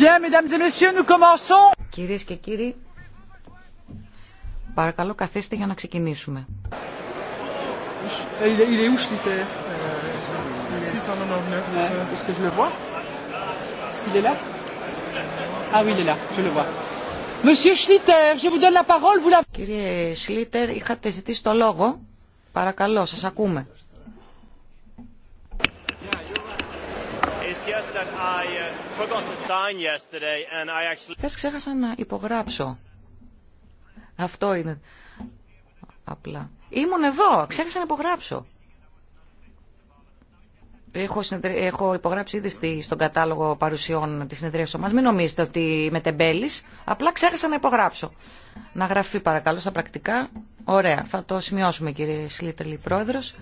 Bien, mesdames et messieurs, nous commençons. Κυρίες και κύριοι, παρακαλώ καθίστε για να ξεκινήσουμε. Il est où Schlitter 699. Est-ce que je le vois Est-ce qu'il est là Ah oui, il est là, je le vois. Monsieur Schlitter, je vous donne la parole, vous la... Κύριε Schlitter, είχατε ζητήσει το λόγο. Παρακαλώ, σας ακούμε. Uh, Χθες ξέχασα να υπογράψω. Αυτό είναι. Απλά. Ήμουν εδώ. Ξέχασα να υπογράψω. Έχω, έχω υπογράψει ήδη στον κατάλογο παρουσιών της συνεδρίας μας. Μην νομίζετε ότι με τεμπέλης. Απλά ξέχασα να υπογράψω. Να γραφεί παρακαλώ στα πρακτικά. Ωραία. Θα το σημειώσουμε κύριε Σλίτελη Πρόεδρος.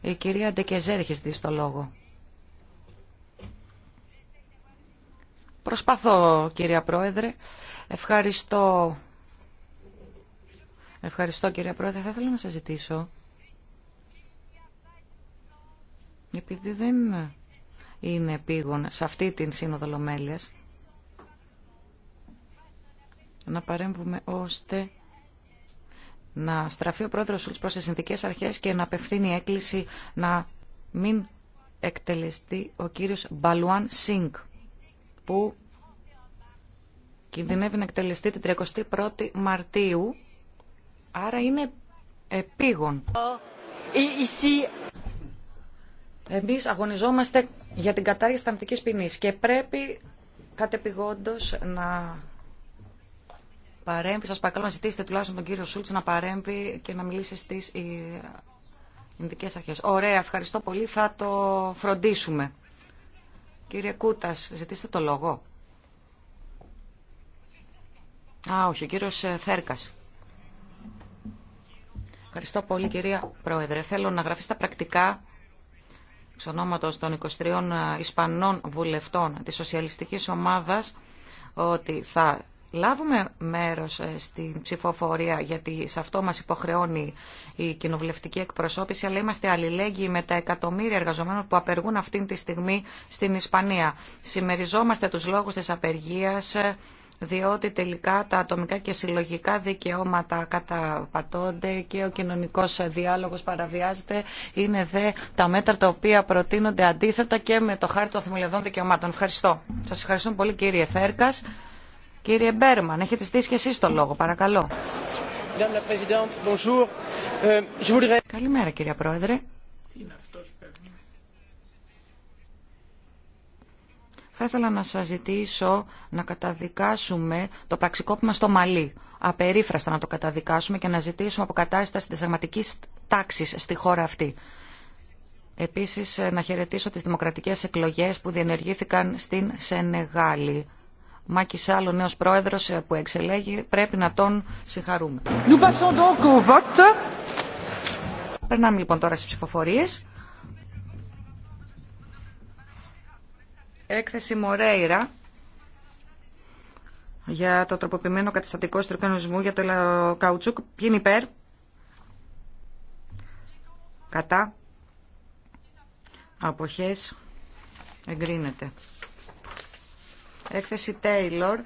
Η κυρία Ντεκεζέρ έχει δει στο λόγο. Προσπαθώ, κυρία Πρόεδρε. Ευχαριστώ. Ευχαριστώ, κυρία Πρόεδρε. Θα ήθελα να σας ζητήσω, επειδή δεν είναι πήγον σε αυτή την Σύνοδο Λομέλειας, να παρέμβουμε ώστε να στραφεί ο πρόεδρος Σούλτς προς τις αρχές και να απευθύνει έκκληση να μην εκτελεστεί ο κύριος Μπαλουάν Σίνγκ που κινδυνεύει να εκτελεστεί την 31η Μαρτίου, άρα είναι επίγον. Εμείς αγωνιζόμαστε για την κατάργηση θανατικής ποινής και πρέπει κατεπηγόντως να παρέμβει. Σας παρακαλώ να ζητήσετε τουλάχιστον τον κύριο Σούλτς να παρέμβει και να μιλήσει στις ε, Ινδικές Αρχές. Ωραία, ευχαριστώ πολύ. Θα το φροντίσουμε. Κύριε Κούτας, ζητήστε το λόγο. Α, όχι, ο κύριος ε, Θέρκας. Ευχαριστώ πολύ κυρία Πρόεδρε. Θέλω να γραφεί στα πρακτικά εξ ονόματος των 23 ε, Ισπανών βουλευτών της Σοσιαλιστικής Ομάδας ότι θα λάβουμε μέρος ε, στην ψηφοφορία γιατί σε αυτό μας υποχρεώνει η κοινοβουλευτική εκπροσώπηση αλλά είμαστε αλληλέγγυοι με τα εκατομμύρια εργαζομένων που απεργούν αυτή τη στιγμή στην Ισπανία. Συμμεριζόμαστε τους λόγους της απεργίας ε, διότι τελικά τα ατομικά και συλλογικά δικαιώματα καταπατώνται και ο κοινωνικός διάλογος παραβιάζεται. Είναι δε τα μέτρα τα οποία προτείνονται αντίθετα και με το χάρτη των θεμελιωδών δικαιωμάτων. Ευχαριστώ. Σας ευχαριστώ πολύ κύριε Θέρκας. Κύριε Μπέρμαν, έχετε στήσει και εσείς το λόγο, παρακαλώ. Euh, Καλημέρα κύριε Πρόεδρε. Θα ήθελα να σας ζητήσω να καταδικάσουμε το πραξικόπημα στο Μαλί. Απερίφραστα να το καταδικάσουμε και να ζητήσουμε αποκατάσταση της αγματικής τάξης στη χώρα αυτή. Επίσης να χαιρετήσω τις δημοκρατικές εκλογές που διενεργήθηκαν στην Σενεγάλη Μάκη Σάλλο, νέο πρόεδρο ε, που εξελέγει, πρέπει να τον συγχαρούμε. Περνάμε λοιπόν τώρα στι ψηφοφορίε. Έκθεση Μορέιρα για το τροποποιημένο καταστατικό στροκανονισμού για το καουτσούκ. Ποιοι είναι υπέρ. Κατά. Αποχές. Εγκρίνεται έκθεση Taylor